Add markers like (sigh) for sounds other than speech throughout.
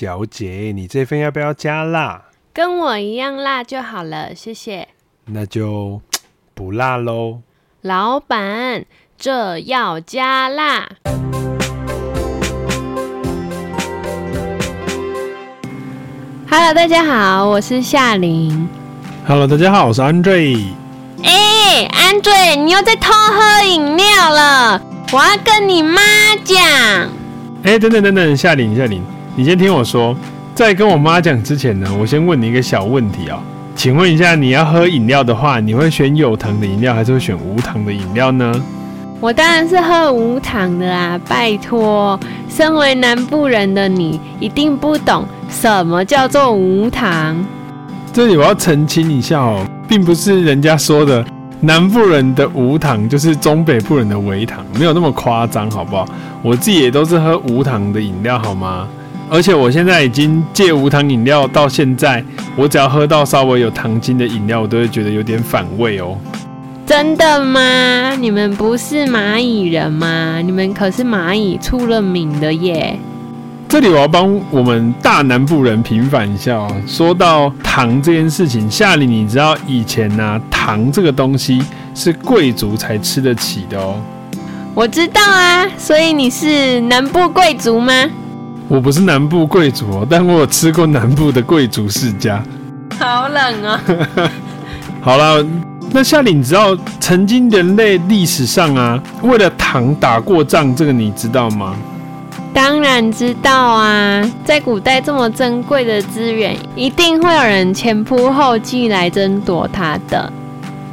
小姐，你這份要不要加辣？跟我一樣辣就好了，謝謝。那就不辣嘍。老闆，這要加辣。Hello，大家好，我是夏琳。Hello，大家好，我是 Andre。哎，Andre，你又在偷喝飲料了！我要跟你媽講。哎，等等等等，夏琳夏琳。你先聽我說，在跟我媽講之前呢，我先問你一個小問題哦。請問一下，你要喝飲料的話，你會選有糖的飲料，還是會選無糖的飲料呢？我當然是喝無糖的啦，拜託，身為南部人的你一定不懂什麼叫做無糖。這裡我要澄清一下哦，並不是人家說的南部人的無糖就是中北部人的微糖，沒有那麼誇張，好不好？我自己也都是喝無糖的飲料，好嗎？而且我現在已經戒無糖飲料，到現在我只要喝到稍微有糖精的飲料，我都會覺得有點反胃哦、喔。真的嗎？你們不是螞蟻人嗎？你們可是螞蟻出了名的耶。這裡我要幫我們大南部人平反一下哦、喔。說到糖這件事情，夏琳你知道以前呢、啊、糖這個東西是貴族才吃得起的哦、喔。我知道啊，所以你是南部貴族嗎？我不是南部貴族哦，但我有吃過南部的貴族世家。好冷啊！ (laughs) 好了，那夏琳，你知道曾經人類歷史上啊，為了糖打過仗，這個你知道嗎？當然知道啊，在古代這麼珍貴的資源，一定會有人前仆後繼來爭奪它的。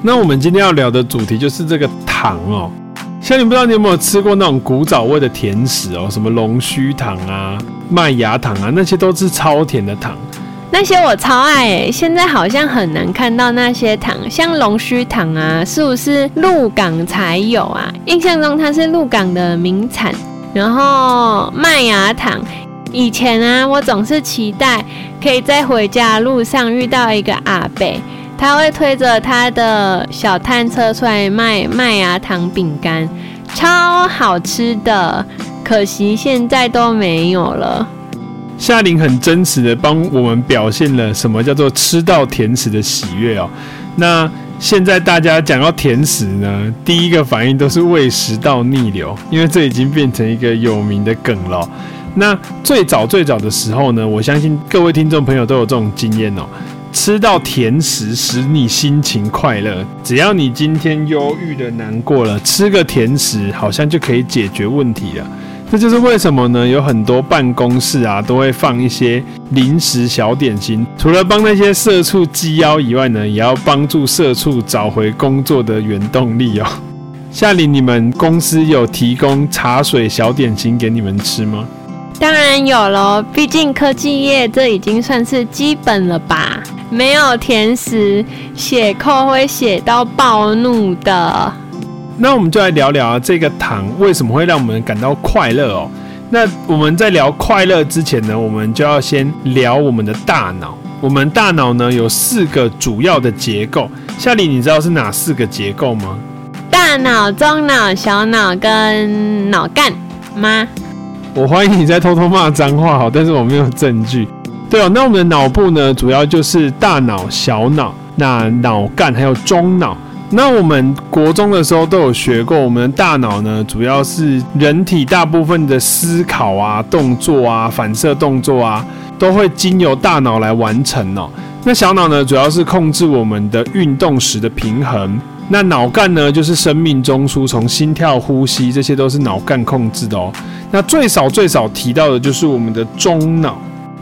那我們今天要聊的主題就是這個糖哦。像你不知道你有沒有吃過那種古早味的甜食哦，什麼龍鬚糖啊、麥芽糖啊，那些都是超甜的糖。那些我超愛，欸，現在好像很難看到那些糖，像龍鬚糖啊，是不是鹿港才有啊？印象中它是鹿港的名產。然後麥芽糖，以前啊，我總是期待可以在回家路上遇到一個阿伯。他會推着他的小攤車出來賣麥芽糖餅乾，超好吃的，可惜現在都沒有了。夏琳很真實的幫我們表現了什麼叫做吃到甜食的喜悅哦。那現在大家講到甜食呢，第一個反應都是胃食道逆流，因為這已經變成一個有名的梗了哦。那最早最早的時候呢，我相信各位聽眾朋友都有這種經驗哦。吃到甜食使你心情快樂，只要你今天憂鬱的難過了，吃個甜食好像就可以解決問題了。這就是為什麼呢？有很多辦公室啊都會放一些零食小點心，除了幫那些社畜雞腰以外呢，也要幫助社畜找回工作的原動力哦、喔。夏琳，你們公司有提供茶水小點心給你們吃嗎？當然有嘍，畢竟科技業這已經算是基本了吧。沒有甜食，寫稿會寫到暴怒的。那我們就來聊聊啊，這個糖為什麼會讓我們感到快樂哦？那我們在聊快樂之前呢，我們就要先聊我們的大腦。我們大腦呢有四個主要的結構，夏琳，你知道是哪四個結構嗎？大腦、中腦、小腦跟腦幹嗎？我懷疑你在偷偷罵髒話，好，但是我沒有證據。對哦，那我們的腦部呢，主要就是大腦、小腦、那腦幹還有中腦。那我們國中的時候都有學過，我們的大腦呢，主要是人體大部分的思考啊、動作啊、反射動作啊，都會經由大腦來完成哦。那小腦呢，主要是控制我們的運動時的平衡。那腦幹呢，就是生命中樞，從心跳、呼吸這些都是腦幹控制的哦。那最少最少提到的就是我們的中腦。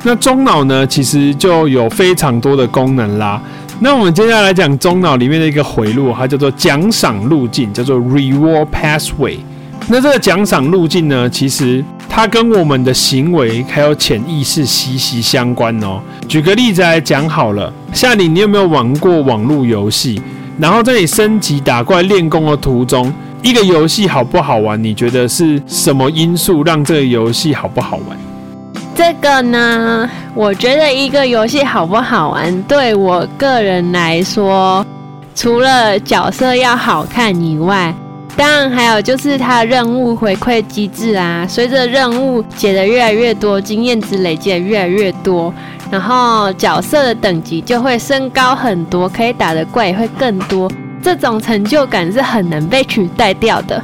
那中腦呢，其實就有非常多的功能啦。那我們接下來講中腦裡面的一個回路，它叫做獎賞路徑，叫做 reward pathway。那這個獎賞路徑呢，其實它跟我們的行為還有潛意識息息息相關哦。舉個例子來講好了，夏琳，你有沒有玩過網絡遊戲？然後在你升級打怪練功的途中，一個遊戲好不好玩？你覺得是什麼因素讓這個遊戲好不好玩？這個呢，我覺得一個遊戲好不好玩，對我個人來說，除了角色要好看以外，當然還有就是它的任務回饋機制啊。隨着任務接的越來越多，經驗值累積的越來越多，然後角色的等級就會升高很多，可以打的怪也會更多，這種成就感是很難被取代掉的。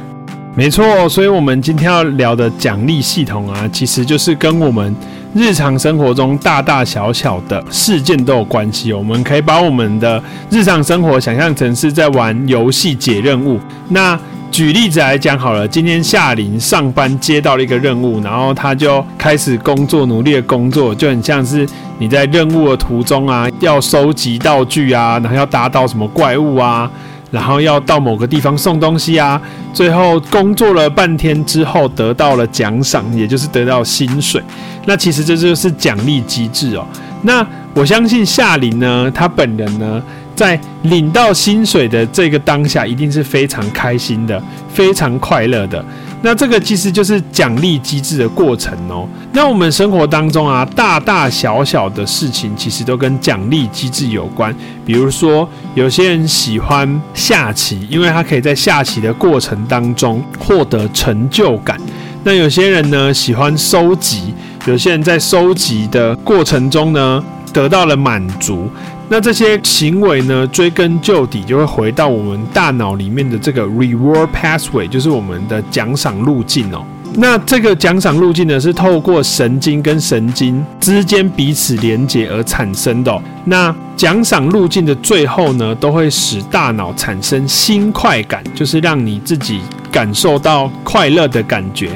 沒錯，所以我們今天要聊的獎勵系統啊，其實就是跟我們日常生活中大大小小的事件都有關係。我們可以把我們的日常生活想象成是在玩遊戲解任務。那舉例子來講好了，今天夏琳上班接到了一個任務，然後她就開始工作，努力的工作，就很像是你在任務的途中啊，要收集道具啊，然後要打倒什麼怪物啊。然後要到某個地方送東西啊，最後工作了半天之後得到了獎賞，也就是得到薪水。那其實這就是獎勵機制哦。那我相信夏琳呢，她本人呢，在領到薪水的這個當下，一定是非常開心的，非常快樂的。那這個其實就是獎勵機制的過程哦。那我們生活當中啊，大大小小的事情其實都跟獎勵機制有關。比如說，有些人喜歡下棋，因為他可以在下棋的過程當中獲得成就感；那有些人呢喜歡收集，有些人在收集的過程中呢得到了滿足。那這些行為呢，追根究底就會回到我們大腦裡面的這個 reward pathway，就是我們的獎賞路徑哦。那這個獎賞路徑呢，是透過神經跟神經之間彼此連接而產生的。那獎賞路徑的最後呢，都會使大腦產生新快感，就是讓你自己感受到快樂的感覺。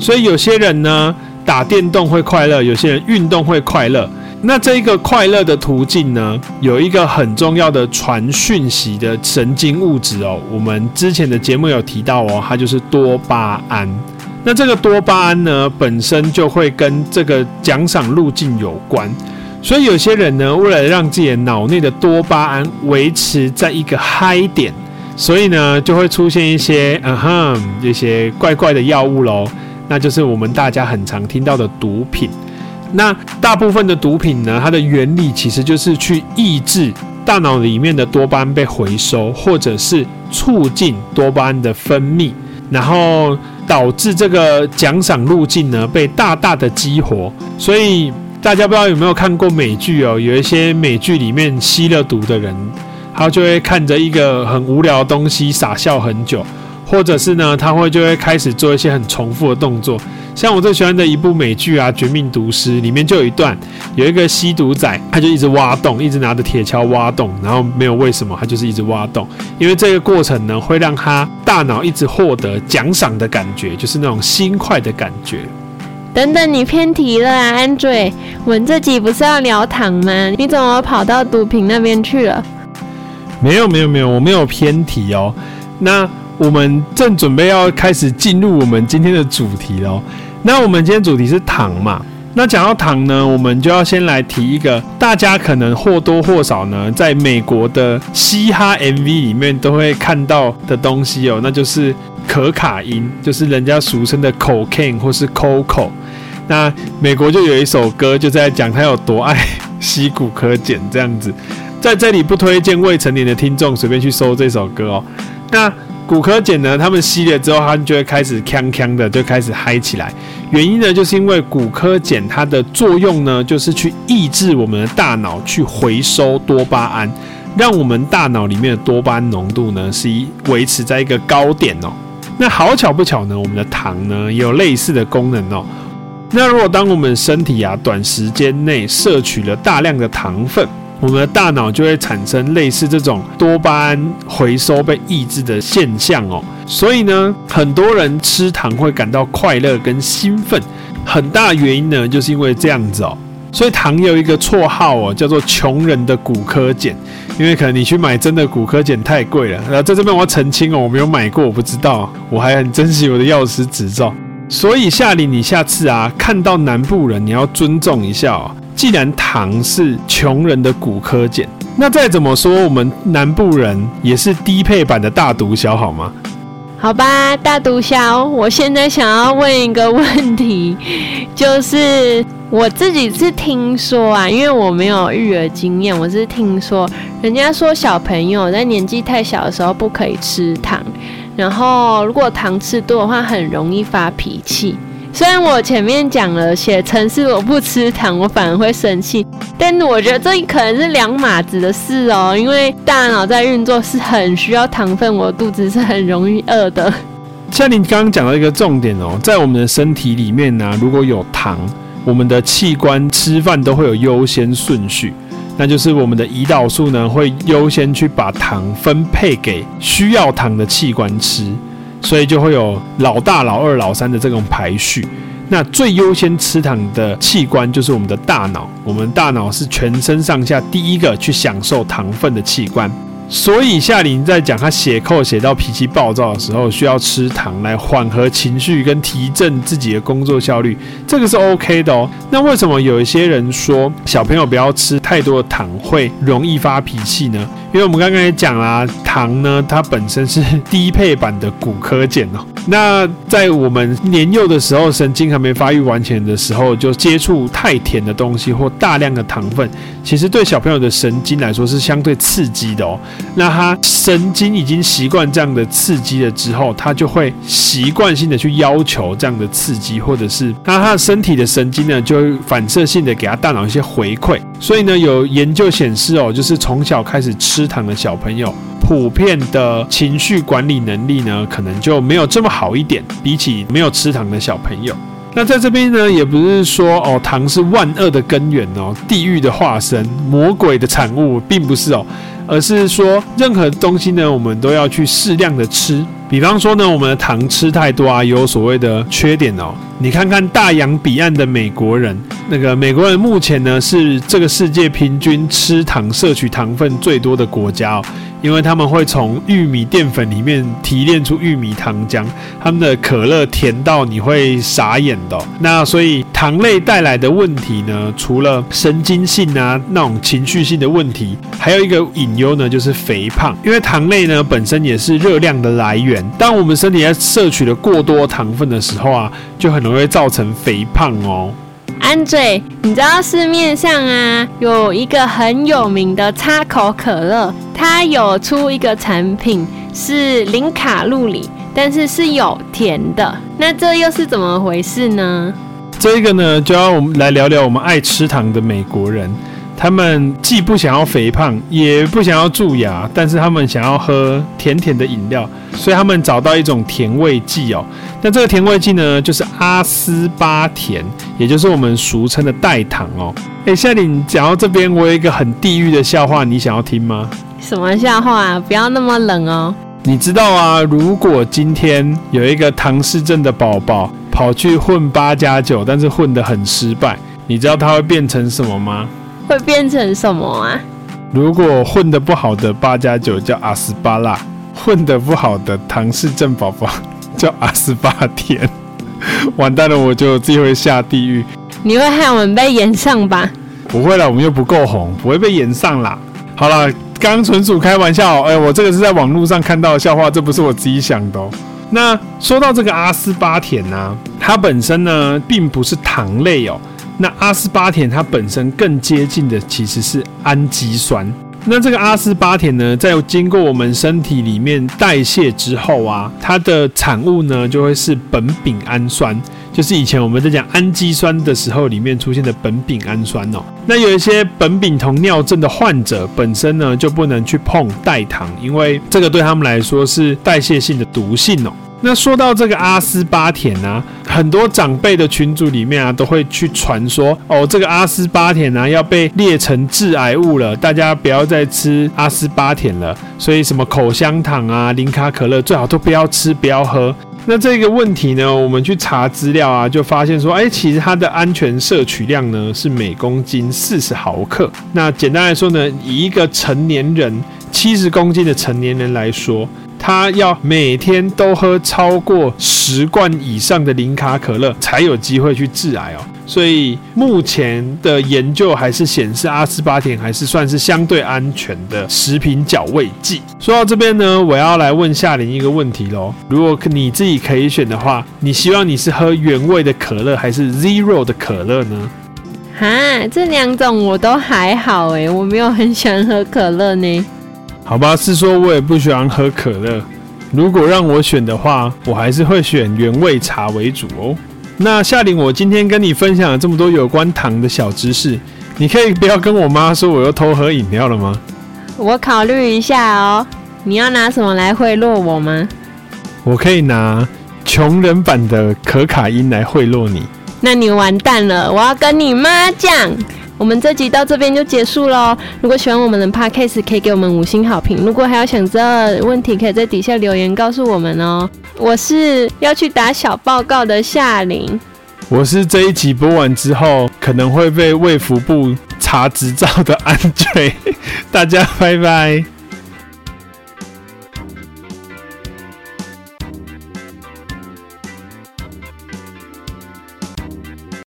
所以有些人呢，打電動會快樂，有些人運動會快樂。那這個快樂的途徑呢，有一個很重要的傳訊息的神經物質哦。我們之前的節目有提到哦、喔，它就是多巴胺。那這個多巴胺呢，本身就會跟這個獎賞路徑有關，所以有些人呢，為了讓自己的腦內的多巴胺維持在一個嗨點，所以呢，就會出現一些啊哼這些怪怪的藥物嘍，那就是我們大家很常聽到的毒品。那大部分的毒品呢，它的原理其實就是去抑制大腦裡面的多巴胺被回收，或者是促進多巴胺的分泌，然後導致這個獎賞路徑呢，被大大的激活。所以大家不知道有沒有看過美劇哦，有一些美劇裡面吸了毒的人，他就會看着一個很無聊的東西傻笑很久。或者是呢，他會就會開始做一些很重複的動作，像我最喜歡的一部美劇啊，《絕命毒師》裡面就有一段，有一個吸毒仔，他就一直挖洞，一直拿着鐵鍬挖洞，然後沒有為什麼，他就是一直挖洞，因為這個過程呢，會讓他大腦一直獲得獎賞的感覺，就是那種心快的感覺。等等，你偏題了啊，Andre，我們這集不是要聊糖嗎？你怎麼跑到毒品那邊去了？沒有，沒有，沒有，我沒有偏題哦。那我們正準備要開始進入我們今天的主題嘍。那我們今天的主題是糖嘛？那講到糖呢，我們就要先來提一個大家可能或多或少呢，在美國的嘻哈 MV 裡面都會看到的東西哦、喔，那就是可卡因，就是人家俗稱的 cocaine 或是 coco。那美國就有一首歌就在講他有多愛吸 (laughs) 古柯鹼這樣子，在這裡不推薦未成年的聽眾隨便去搜這首歌哦、喔。那骨柯鹼呢，它們吸了之後，它就會開始鏘鏘的就開始嗨起來。原因呢，就是因為骨柯鹼它的作用呢，就是去抑制我們的大腦去回收多巴胺，讓我們大腦裡面的多巴胺濃度呢，是一維持在一個高點哦、喔。那好巧不巧呢，我們的糖呢也有類似的功能哦、喔。那如果當我們身體啊短時間內攝取了大量的糖分，我們的大腦就會產生類似這種多巴胺回收被抑制的現象喔，所以呢，很多人吃糖會感到快樂跟興奮，很大原因呢就是因為這樣子喔。所以糖有一個綽號喔，叫做窮人的古柯鹼，因為可能你去買真的古柯鹼太貴了。然後在這邊我要澄清喔，我沒有買過，我不知道喔，我還很珍惜我的藥師執照。所以夏琳你下次啊看到南部人，你要尊重一下喔。既然糖是窮人的古柯鹼，那再怎麼說，我們南部人也是低配版的大毒梟，好嗎？好吧，大毒梟，我現在想要問一個問題，就是我自己是聽說啊，因為我沒有育兒經驗，我是聽說人家說小朋友在年紀太小的時候不可以吃糖，然後如果糖吃多的話，很容易發脾氣。雖然我前面講了，寫程式時我不吃糖，我反而會生氣，但我覺得這可能是兩碼子的事哦、喔，因為大腦在運作是很需要糖分，我肚子是很容易餓的。像你剛剛講到一個重點哦、喔，在我們的身體裡面呢、啊，如果有糖，我們的器官吃飯都會有優先順序，那就是我們的胰島素呢會優先去把糖分配給需要糖的器官吃。所以就會有老大、老二、老三的這種排序。那最優先吃糖的器官就是我們的大腦，我們大腦是全身上下第一個去享受糖分的器官。所以夏琳在講，他寫稿寫到脾氣暴躁的時候，需要吃糖來緩和情緒跟提振自己的工作效率，這個是 OK 的哦、喔。那為什麼有一些人說小朋友不要吃太多的糖，會容易發脾氣呢？因為我們剛剛也講啦，糖呢，它本身是低配版的古柯鹼哦。那在我們年幼的時候，神經還沒發育完全的時候，就接觸太甜的東西或大量的糖分，其實對小朋友的神經來說是相對刺激的哦。那他神經已經習慣這樣的刺激了之後，他就會習慣性的去要求這樣的刺激，或者是那他的身體的神經呢，就會反射性的給他大腦一些回饋。所以呢，有研究顯示哦，就是從小開始吃糖的小朋友。普遍的情緒管理能力呢，可能就沒有這麼好一點，比起沒有吃糖的小朋友。那在這邊呢，也不是說哦，糖是萬惡的根源哦，地獄的化身，魔鬼的產物，並不是哦，而是說任何東西呢，我們都要去適量的吃。比方說呢，我們的糖吃太多啊，有所謂的缺點哦。你看看大洋彼岸的美國人，那個美國人目前呢是這個世界平均吃糖、攝取糖分最多的國家哦，因為他們會從玉米澱粉裡面提煉出玉米糖漿，他們的可樂甜到你會傻眼的喔。那所以糖類帶來的問題呢，除了神經性啊那種情緒性的問題，還有一個隱憂呢就是肥胖，因為糖類呢本身也是熱量的來源。當我們身體在攝取了過多糖分的時候啊，就很容易造成肥胖哦。Andre，你知道市面上啊有一個很有名的可口可樂，它有出一個產品是零卡路里，但是是有甜的，那這又是怎麼回事呢？這個呢，就要我們來聊聊我們愛吃糖的美國人。他們既不想要肥胖，也不想要蛀牙，但是他們想要喝甜甜的飲料，所以他們找到一種甜味劑哦、喔。那這個甜味劑呢，就是阿斯巴甜，也就是我們俗稱的代糖哦、喔。哎、欸，夏琳，講到這邊，我有一個很地獄的笑話，你想要聽嗎？什麼笑話？啊？不要那麼冷哦、喔。你知道啊，如果今天有一個唐氏症的寶寶跑去混八加九，但是混得很失敗，你知道他會變成什麼嗎？會變成什麼啊？如果混得不好的八加九叫阿斯巴拉，混得不好的唐氏症寶寶叫阿斯巴甜，完蛋了，我就有機會下地獄。你會害我們被炎上吧？不會了，我們又不夠紅，不會被炎上了。好了，剛純屬開玩笑，喔，哎，欸，我這個是在網絡上看到的笑話，這不是我自己想的，喔。那說到這個阿斯巴甜呢，啊，它本身呢並不是糖類哦，喔。那阿斯巴甜它本身更接近的其實是氨基酸。那這個阿斯巴甜呢，在經過我們身體裡面代謝之後啊，它的產物呢就會是苯丙氨酸，就是以前我們在講氨基酸的時候裡面出現的苯丙氨酸哦。那有一些苯丙酮尿症的患者本身呢就不能去碰代糖，因為這個對他們來說是代謝性的毒性哦。那說到這個阿斯巴甜呢，很多長輩的群組裡面啊，都會去傳說哦，這個阿斯巴甜啊，要被列成致癌物了，大家不要再吃阿斯巴甜了。所以什麼口香糖啊、零卡可樂，最好都不要吃、不要喝。那這個問題呢，我們去查資料啊，就發現說，哎，其實它的安全攝取量呢是每公斤四十毫克。那簡單來說呢，以一個成年人七十公斤的成年人來說。他要每天都喝超過十罐以上的零卡可樂，才有機會去致癌哦、喔。所以目前的研究還是顯示阿斯巴甜還是算是相對安全的食品調味劑。說到這邊呢，我要來問夏琳一個問題嘍：如果你自己可以選的話，你希望你是喝原味的可樂還是 Zero 的可樂呢？哈、啊，這兩種我都還好哎、欸，我沒有很喜歡喝可樂呢。好吧，是說，我也不喜歡喝可樂。如果讓我選的話，我還是會選原味茶為主哦。那夏琳，我今天跟你分享了這麼多有關糖的小知識，你可以不要跟我媽說我又偷喝飲料了嗎？我考慮一下哦。你要拿什麼來賄賂我嗎？我可以拿窮人版的可卡因來賄賂你。那你完蛋了，我要跟你媽講。我們這集到這邊就結束嘍。如果喜歡我們的 podcast，可以給我們五星好評。如果還有想問的問題，可以在底下留言告訴我們哦。我是要去打小報告的夏琳。我是這一集播完之後可能會被衛福部查執照的 Andre。大家拜拜。